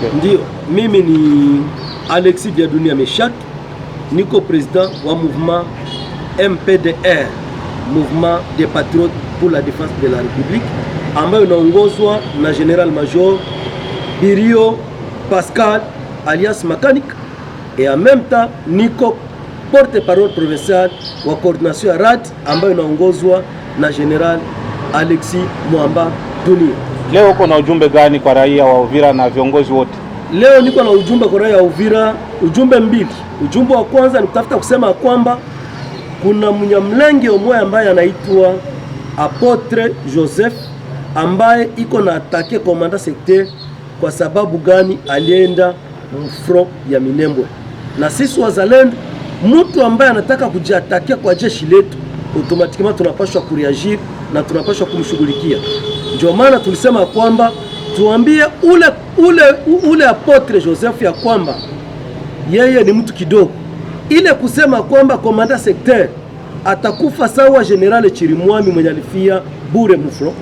Je mimi Alexis Vya Dunia Meshak, président mouvement MPDR, mouvement des patriotes pour la défense de la République, ambayo inaongozwa na Général Major Birio Pascal alias Mechanic, et en même temps Nico porte-parole provincial la coordination ya RAD ambayo na Général Alexis Mwamba Dunia. Leo uko na ujumbe gani kwa raia wa Uvira na viongozi wote? Leo niko na ujumbe kwa raia wa Uvira, ujumbe mbili. Ujumbe wa kwanza ni kutafuta kusema kwamba kuna mnyamlenge mmoja ambaye anaitwa Apotre Joseph ambaye iko na atake komanda sekter kwa sababu gani alienda mfro ya Minembwe, na sisi wazalendo, mtu ambaye anataka kujiatakia kwa jeshi letu automatikement tunapaswa kureagir na tunapaswa kumshughulikia. Ndio maana tulisema kwamba tuambie ule, ule, ule apotre Joseph ya kwamba yeye ni mtu kidogo, ile kusema kwamba komanda sekter atakufa sawa General Chirimwami mwenye alifia bure mufro,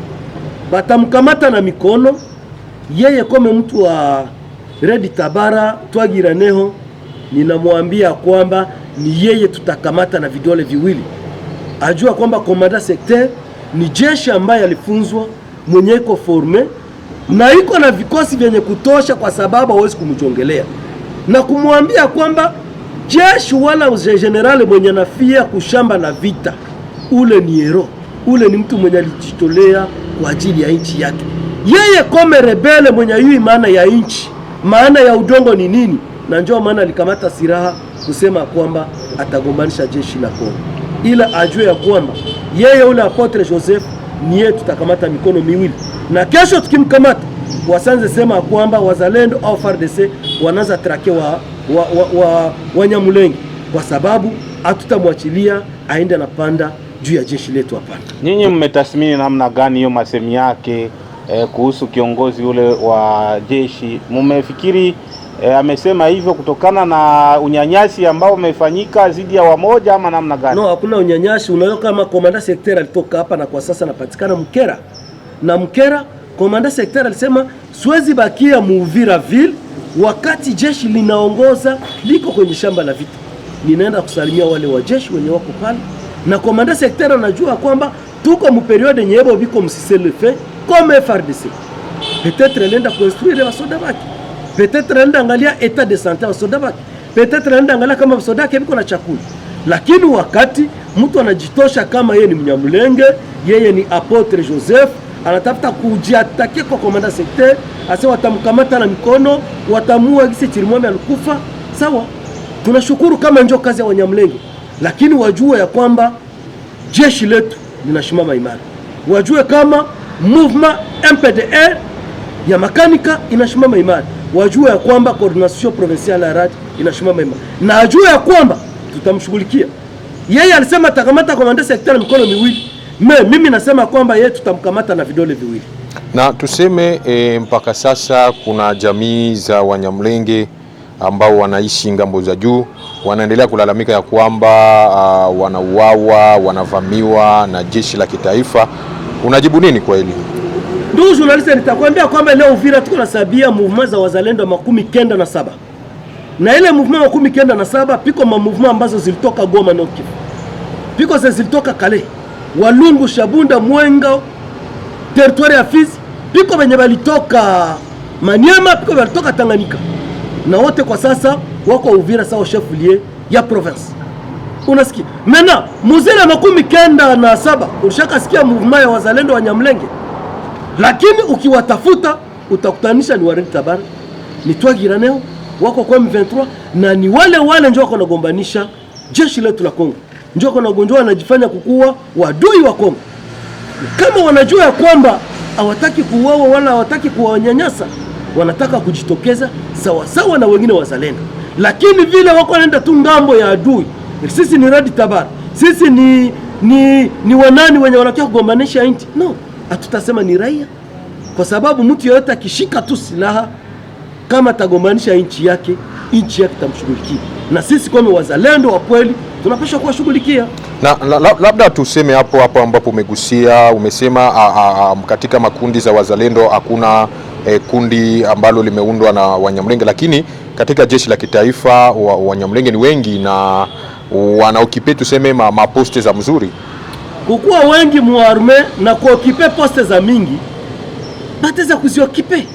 batamkamata na mikono yeye kome mtu wa Redi Tabara twagiraneho, ninamwambia kwamba ni yeye tutakamata na vidole viwili ajua kwamba komanda sekter ni jeshi ambaye alifunzwa mwenye iko forme na iko na vikosi vyenye kutosha, kwa sababu hawezi kumjongelea na kumwambia kwamba jeshi wala general mwenye nafia kushamba na vita, ule ni hero, ule ni mtu mwenye alijitolea kwa ajili ya nchi yake. Yeye kome rebele mwenye yui maana ya nchi, maana ya udongo ni nini? Na njoo maana alikamata silaha kusema kwamba atagombanisha jeshi na Kongo ila ajue ya kwamba yeye ule Apotre Joseph ni yeye tutakamata mikono miwili, na kesho tukimkamata wasanze sema kwamba wazalendo au FARDC wanaza trake wa, wa, wa, wa, kwa sababu hatutamwachilia aende anapanda juu ya jeshi letu hapana. Nyinyi mmetathmini namna gani hiyo masemi yake eh, kuhusu kiongozi ule wa jeshi? Mmefikiri E, amesema hivyo kutokana na unyanyasi ambao umefanyika dhidi ya wamoja ama namna gani? No, hakuna unyanyasi. Unaona kama komanda sekter alitoka hapa na kwa sasa anapatikana Mkera na Mkera, komanda sekter alisema siwezi bakia Muvira ville wakati jeshi linaongoza liko kwenye shamba la vita. Ninaenda kusalimia wale wa jeshi wenye wako pale, na komanda sekter anajua kwamba tuko muperiode nyebo biko msiselefe comme FARDC petetre alienda konstruire basoda bake Peut-être naenda angalia etat de sante wasoda wake, peut-être naenda angalia kama wasoda wake biko na chakula. Lakini wakati mtu anajitosha kama yeye ni Mnyamulenge, yeye ni apotre Joseph, anatafuta kujiatake kwa komanda sekte, ase watamkamata na mikono, watamua gisi Chirimwami alikufa. Sawa, tunashukuru kama njo kazi ya Wanyamulenge, lakini wajue ya kwamba jeshi letu linashimama imara, wajue kama movement MPDR ya makanika inashimama imara, wajua ya kwamba coordination provinciale ya radi inashimama imara, na ajua ya kwamba tutamshughulikia yeye. Alisema atakamata komanda sekta na mikono miwili, me mimi nasema kwamba yeye tutamkamata na vidole viwili. Na tuseme e, mpaka sasa kuna jamii za Wanyamlenge ambao wanaishi ngambo za juu wanaendelea kulalamika ya kwamba uh, wanauawa, wanavamiwa na jeshi la kitaifa. Unajibu nini kwa hili? Ndugu journalist, nitakwambia kwamba leo Uvira tuko na sabia movement za wazalendo makumi kenda na saba na ile movement makumi kenda na saba piko ma movement ambazo zilitoka Goma na Kivu, piko ze zilitoka Kale, Walungu, Shabunda, Mwenga, territoire ya Fizi, piko wenye walitoka Maniema, piko walitoka Tanganyika na wote kwa sasa wako Uvira sawa chef lieu ya province. Unasikia mena muzera makumi kenda na saba ulishakasikia movement ya wazalendo wa Nyamlenge lakini ukiwatafuta utakutanisha ni Warid Tabar ni Twagira Neo wako kwa M23 na ni wale wale ndio wako nagombanisha jeshi letu la Kongo, ndio wako nagonjwa wanajifanya kukuwa wadui wa Kongo. Kama wanajua ya kwamba hawataki kuuawa wala hawataki kuwanyanyasa, wanataka kujitokeza sawasawa na wengine wazalendo, lakini vile wako wanaenda tu ngambo ya adui. Sisi ni Radi Tabar, sisi ni, ni, ni wanani wenye wanataka kugombanisha nchi no hatutasema ni raia, kwa sababu mtu yoyote akishika tu silaha kama atagombanisha nchi yake, nchi yake itamshughulikia, na sisi kama wazalendo wa kweli tunapaswa kuwashughulikia. Na, labda tuseme hapo hapo ambapo umegusia, umesema a, a, a, katika makundi za wazalendo hakuna e, kundi ambalo limeundwa na wanyamlenge lakini katika jeshi la kitaifa wanyamlenge ni wengi na wanaokipe tuseme maposte ma za mzuri kukuwa wengi muarme na kuokipe poste za mingi bateza kuziokipe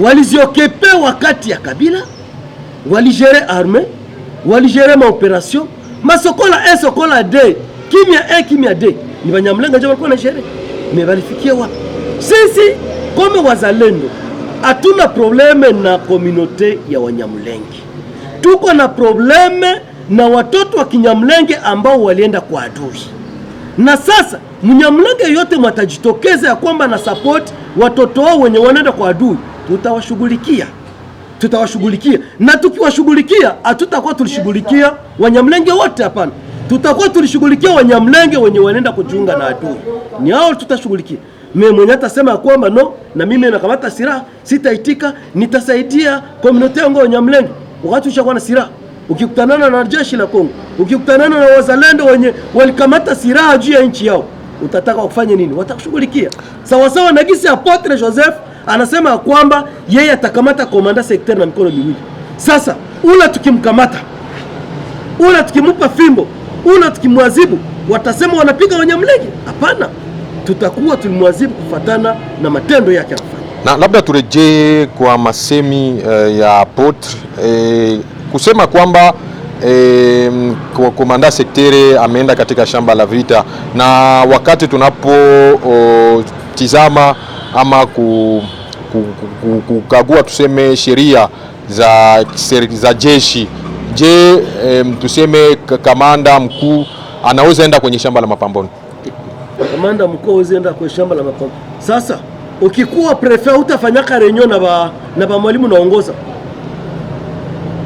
waliziokepe wakati ya Kabila waligere arme waligere maoperation masokola e sokola d kimya e kimya d ni Banyamulenge ndio walikuwa na shere mebalifikia wapi? Sisi kome wazalendo hatuna probleme na komunote ya Wanyamulenge, tuko na probleme na watoto wa Kinyamulenge ambao walienda kwa adui na sasa Mnyamlenge yote mwatajitokeza ya kwamba na support watoto wao wenye wanaenda kwa adui, tutawashughulikia tutawashughulikia, na tukiwashughulikia hatutakuwa tulishughulikia Wanyamlenge wote, hapana. Tutakuwa tulishughulikia Wanyamlenge wenye wanaenda kujiunga na adui, ni hao tutashughulikia. Mimi mwenye atasema ya kwamba no, na mimi nakamata silaha, sitaitika, nitasaidia community yangu Wanyamlenge, wakati ushakuwa na silaha ukikutanana na jeshi la Kongo, ukikutanana na wazalendo wenye walikamata silaha juu ya nchi yao, utataka wakufanye nini? Watakushughulikia sawasawa na gisi Apotre Joseph anasema kwamba yeye atakamata komanda sekter na mikono miwili. Sasa ula tukimkamata, ula tukimupa fimbo, ula tukimwazibu, watasema wanapiga wenye mlege. Hapana, tutakuwa tulimwazibu kufatana na matendo yake Na labda turejee kwa masemi uh, ya Apotre eh, kusema kwamba E, komanda sektere ameenda katika shamba la vita, na wakati tunapotizama ama kukagua tuseme sheria za, za jeshi, je, e, tuseme kamanda mkuu anaweza enda kwenye shamba la mapambano? Kamanda mkuu hawezi enda kwenye shamba la mapambano. Sasa ukikuwa prefe utafanyaka renyo na ba, na ba mwalimu naongoza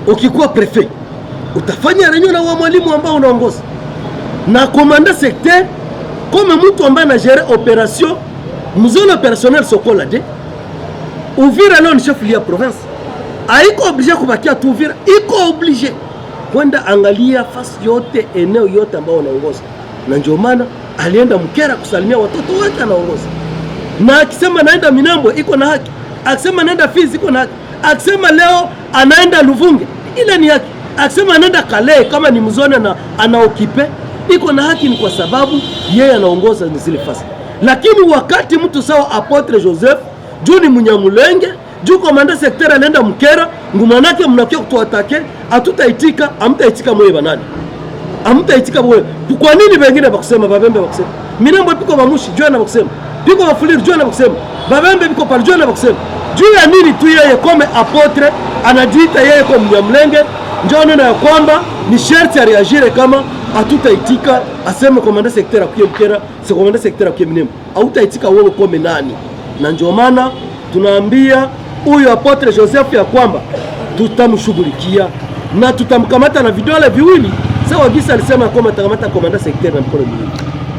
ukikuwa prefet utafanya renyo na uwa mwalimu ambao unaongoza na komanda secteur kome mtu ambaye anagere operation mzone operationnel Sokola de Uvira leo ni chef ya province, aiko oblige kubakia tu Uvira, iko oblige kwenda angalia fasi yote eneo yote ambao unaongoza. na ndio maana alienda Mkera kusalimia watoto wake anaongoza, na akisema naenda Minambo iko na haki, akisema naenda Fizi iko na haki, akisema leo anaenda Luvunge ila ni haki. Akisema anaenda kale kama ni ana, ana okipe iko na haki, ni kwa sababu yeye anaongoza ni zile fasi. Lakini wakati mtu sawa Apotre Joseph juu ni Munyamulenge juu komanda sekteri anaenda Mkera ngumanake, mnakia kutuatake, hatutaitika amtaitika moye banani amtaitika moye. Kwa nini wengine bakusema babembe bakusema minambo piko bamushi juu na bakusema piko bafuliri juu na bakusema babembe piko pale juu na bakusema juu ya nini tu yeye kome apotre anajiita yeye ko Mnyamlenge, njo neno ya kwamba ni sherti areagire kama atutaitika aseme komanda sektera kuye mkera se komanda sektera kuye Minembwe, autaitika wewe kome nani? Na ndio maana tunaambia huyu apotre Joseph ya kwamba tutamshughulikia na tutamkamata na vidole viwili sawa, gisa alisema ya kwamba atakamata komanda sektera na mkono mwingine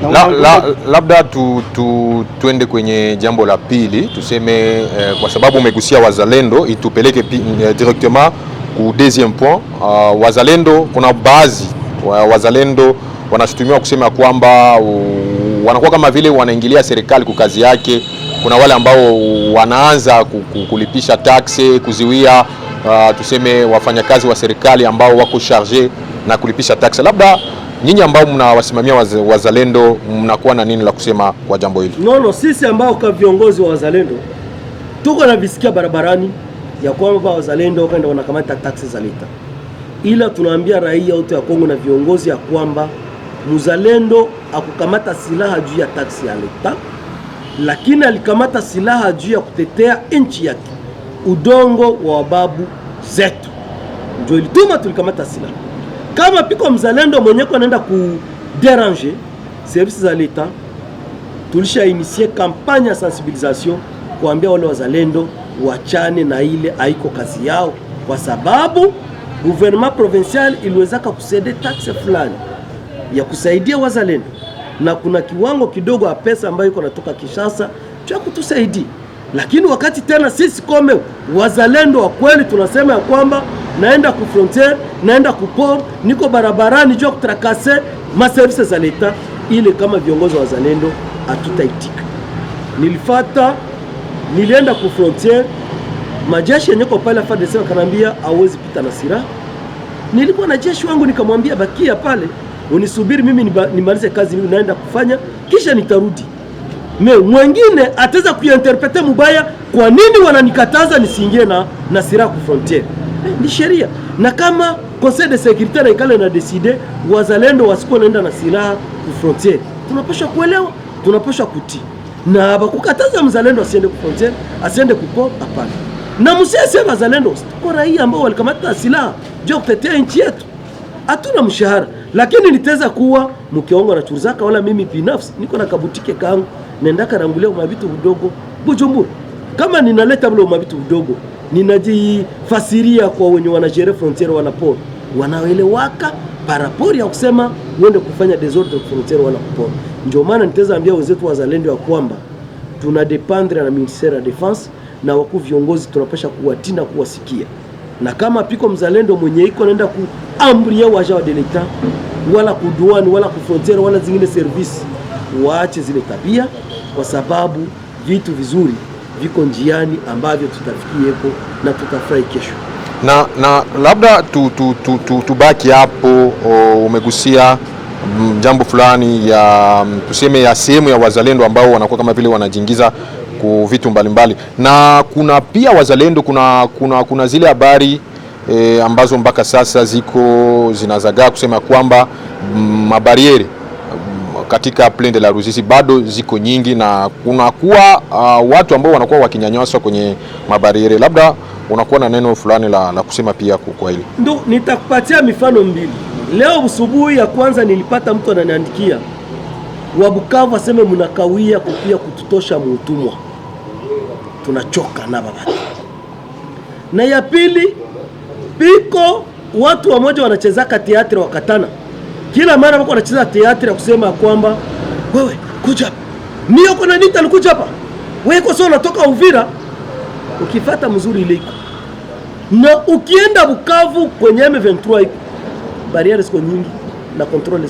la, la, labda tu, tu, tuende kwenye jambo la pili tuseme eh, kwa sababu umegusia wazalendo itupeleke pi, eh, directement ku deuxième point uh, wazalendo kuna baadhi wa, wazalendo wanashutumiwa kusema kwamba wanakuwa kama vile wanaingilia serikali kwa kazi yake. Kuna wale ambao wanaanza kulipisha taxe kuziwia uh, tuseme wafanyakazi wa serikali ambao wako charge na kulipisha taxe labda nyinyi ambao mnawasimamia wazalendo mnakuwa na nini la kusema kwa jambo hili? No, no, sisi ambao kwa viongozi wa wazalendo tuko na visikia barabarani ya kwamba wazalendo kwenda wanakamata taksi za lita, ila tunaambia raia wote ya Kongo na viongozi ya kwamba mzalendo akukamata silaha juu ya taksi ya lita, lakini alikamata silaha juu ya kutetea nchi yake, udongo wa wababu zetu, ndio ilituma tulikamata silaha kama piko mzalendo mwenyeko anaenda kuderange servisi za leta, tulisha inisie kampanya ya sensibilisation kuambia wale wazalendo wachane na ile haiko kazi yao, kwa sababu gouvernement provincial iliwezaka kusede taxe fulani ya kusaidia wazalendo, na kuna kiwango kidogo ya pesa ambayo iko natoka Kinshasa cha kutusaidia lakini wakati tena sisi kome wazalendo wa kweli tunasema ya kwamba naenda ku frontier, naenda port, niko barabarani jua kutrakase maservise za leta ile. Kama viongozi wa wazalendo hatutaitika. Nilifata, nilienda ku frontier, majeshi yenyeko pale FARDC wakanambia hawezi pita na silaha. Nilikuwa na jeshi wangu nikamwambia, bakia pale unisubiri mimi nimalize kazi naenda kufanya, kisha nitarudi me mwengine ataweza kuinterprete mubaya, kwa nini wananikataza nisiingie na, na silaha ku frontier eh, ni sheria. Na kama conseil de securite na ikale na decide wazalendo wasiko naenda na silaha ku frontier, tunapasha kuelewa, tunapasha kutii na bakukataza mzalendo asiende ku frontier, asiende kuko hapana. Na msiasie wazalendo kwa raia ambao walikamata silaha juu ya kutetea nchi yetu. Hatuna mshahara, lakini niteza kuwa mkiongo na churuzaka, wala mimi binafsi niko na kabutike kangu nenda rangulia umavitu udogo Bujumbura. Kama ninaleta mle umavitu udogo, ninajifasiria kwa wenye wanajere frontiere wanapora wanaelewaka parapori ya kusema uende kufanya desordre frontiere wala kupora. Ndio maana nitaweza ambia wenzetu wazalendo ya kwamba tuna dependre na ministere ya defense na wakuu viongozi tunapasha kuwatina kuwasikia, na kama piko mzalendo mwenye iko naenda kuamri yao waja wa delita wala kuduani wala kufrontiere wala zingine service waache zile tabia kwa sababu vitu vizuri viko njiani ambavyo tutafikieko na tutafurahi kesho. Na, na labda tu, tu, tu, tu, tubaki hapo. Umegusia mm, jambo fulani ya mm, tuseme ya sehemu ya wazalendo ambao wanakuwa kama vile wanajiingiza ku vitu mbalimbali mbali. Na kuna pia wazalendo kuna, kuna, kuna zile habari e, ambazo mpaka sasa ziko zinazagaa kusema kwamba mm, mabarieri katika plende de la Ruzizi bado ziko nyingi na kunakuwa uh, watu ambao wanakuwa wakinyanyaswa kwenye mabariere. Labda unakuwa na neno fulani la, la kusema pia kwa hili? Ndio, nitakupatia mifano mbili leo usubuhi. Ya kwanza nilipata mtu ananiandikia wa Bukavu aseme mnakawia kupia kututosha muutumwa, tunachoka na baba. Na ya pili, piko watu wamoja wanachezaka teatri wakatana kila mara wako wanacheza teatri ya kusema kwamba wewe kuja hapa. Mimi uko na nini nitakuja hapa? Wewe kwa sababu unatoka Uvira ukifata mzuri ile iko. Na ukienda Bukavu kwenye M23 iko. bariere ziko nyingi na control